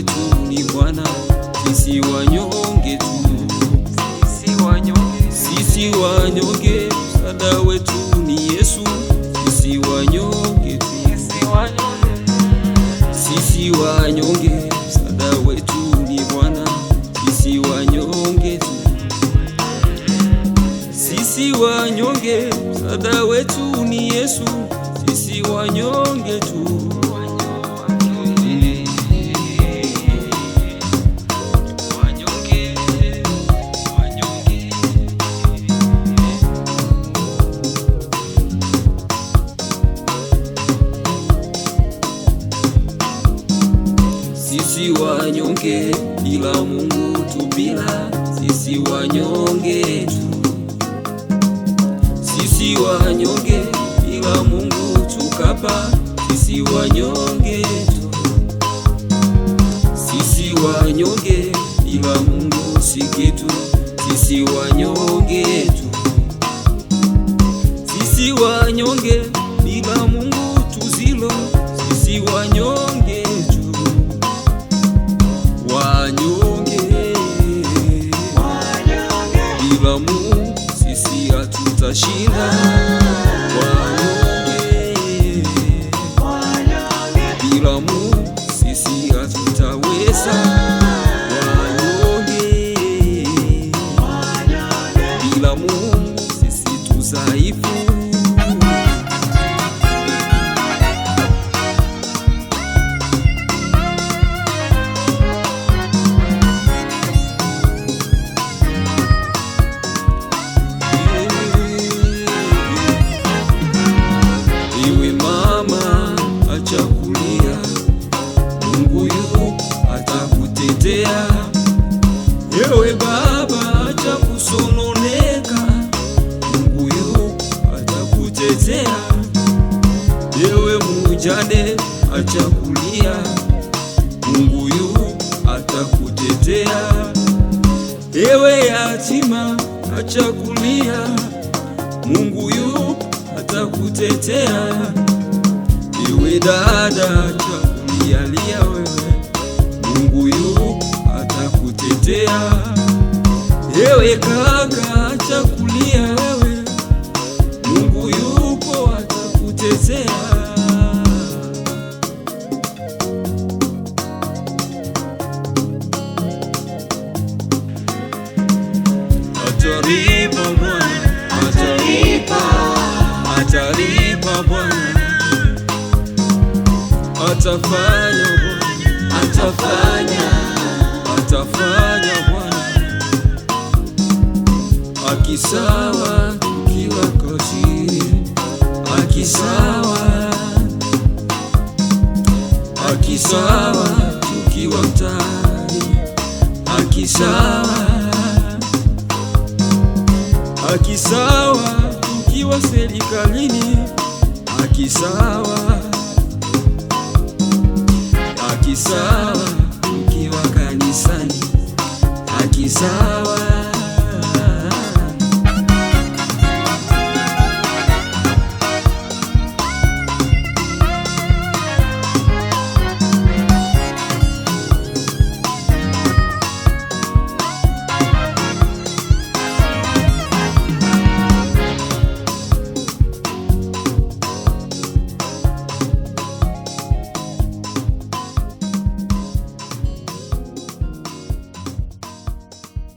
wetu ni Bwana, sisi wanyonge tu, sisi wanyonge, msaada wetu ni Yesu, sisi wanyonge tu, sisi wanyonge, msaada wetu ni Bwana, sisi wanyonge tu, sisi wanyonge, msaada wetu ni Yesu sisi wanyonge, ila Mungu tu, bila sisi wanyonge tu, sisi wanyonge, ila Mungu tukapa, sisi wanyonge tu, sisi wanyonge, ila Mungu si kitu, sisi wanyonge tu, sisi wanyonge kulia, Mungu yuko atakutetea. Ewe baba, acha kusononeka, Mungu yuko atakutetea. Ewe mujane, acha kulia, Mungu yuko atakutetea. Ewe yatima, acha kulia, Mungu yuko atakutetea iwe dada, chakulialia wewe, Mungu yu atakutetea. Ewe kaka, chakulia atafanya Bwana, atafanya, atafanya Bwana, akisawa kiwa kosi, akisawa, akisawa tukiwa mtaani, akisawa, akisawa tukiwa serikalini, akisawa haki sawa, ukiwa kanisani haki sawa